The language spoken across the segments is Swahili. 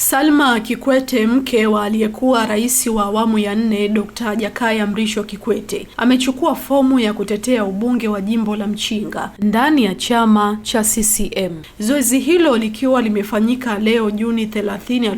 Salma Kikwete, mke wa aliyekuwa rais wa awamu ya nne Dr. Jakaya Mrisho Kikwete, amechukua fomu ya kutetea ubunge wa jimbo la Mchinga ndani ya chama cha CCM. Zoezi hilo likiwa limefanyika leo Juni 30,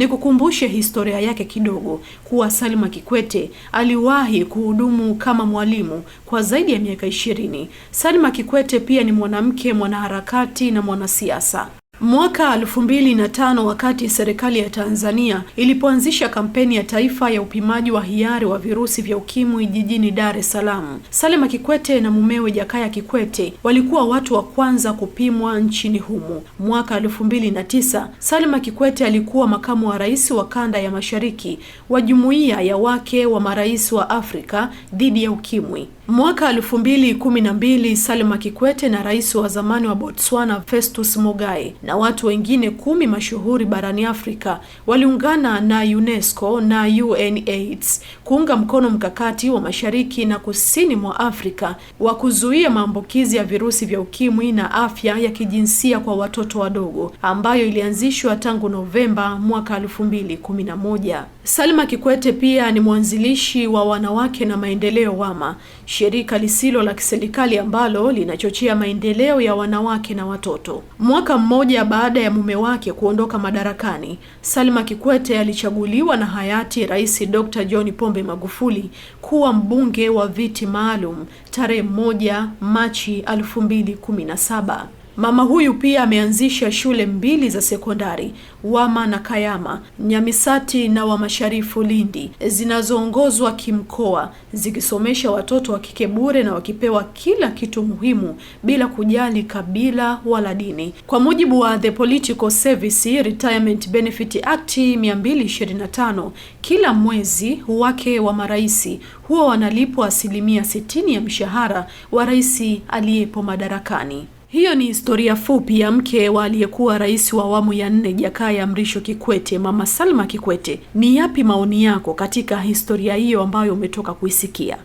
2025. kukumbushe historia yake kidogo kuwa Salma Kikwete aliwahi kuhudumu kama mwalimu kwa zaidi ya miaka ishirini. Salma Kikwete pia ni mwanamke, mwanaharakati na mwanasiasa. Mwaka 2005 wakati serikali ya Tanzania ilipoanzisha kampeni ya taifa ya upimaji wa hiari wa virusi vya ukimwi jijini Dar es Salaam, salima Kikwete na mumewe Jakaya Kikwete walikuwa watu wa kwanza kupimwa nchini humo. Mwaka 2009 salima Kikwete alikuwa makamu wa rais wa kanda ya mashariki wa jumuiya ya wake wa marais wa Afrika dhidi ya ukimwi. Mwaka 2012 mbili Kikwete na rais wa zamani wa Botswana Festus Mogae na watu wengine kumi mashuhuri barani Afrika waliungana na UNESCO na UNAIDS kuunga mkono mkakati wa mashariki na kusini mwa Afrika wa kuzuia maambukizi ya virusi vya ukimwi na afya ya kijinsia kwa watoto wadogo ambayo ilianzishwa tangu Novemba mwaka 2011. Salma Kikwete pia ni mwanzilishi wa Wanawake na Maendeleo WAMA, shirika lisilo la kiserikali ambalo linachochea maendeleo ya wanawake na watoto. Mwaka mmoja baada ya mume wake kuondoka madarakani, Salma Kikwete alichaguliwa na hayati Rais Dr. John Pombe Magufuli kuwa mbunge wa viti maalum tarehe 1 Machi 2017. Mama huyu pia ameanzisha shule mbili za sekondari Wama na Kayama, Nyamisati na Wamasharifu Lindi, zinazoongozwa kimkoa, zikisomesha watoto wa kike bure na wakipewa kila kitu muhimu bila kujali kabila wala dini. Kwa mujibu wa The Political Service Retirement Benefit Act 225, kila mwezi wake wa marais huwa wanalipwa asilimia 60 ya mshahara wa rais aliyepo madarakani. Hiyo ni historia fupi ya mke wa aliyekuwa rais wa awamu ya nne Jakaya Mrisho Kikwete, Mama Salma Kikwete. Ni yapi maoni yako katika historia hiyo ambayo umetoka kuisikia?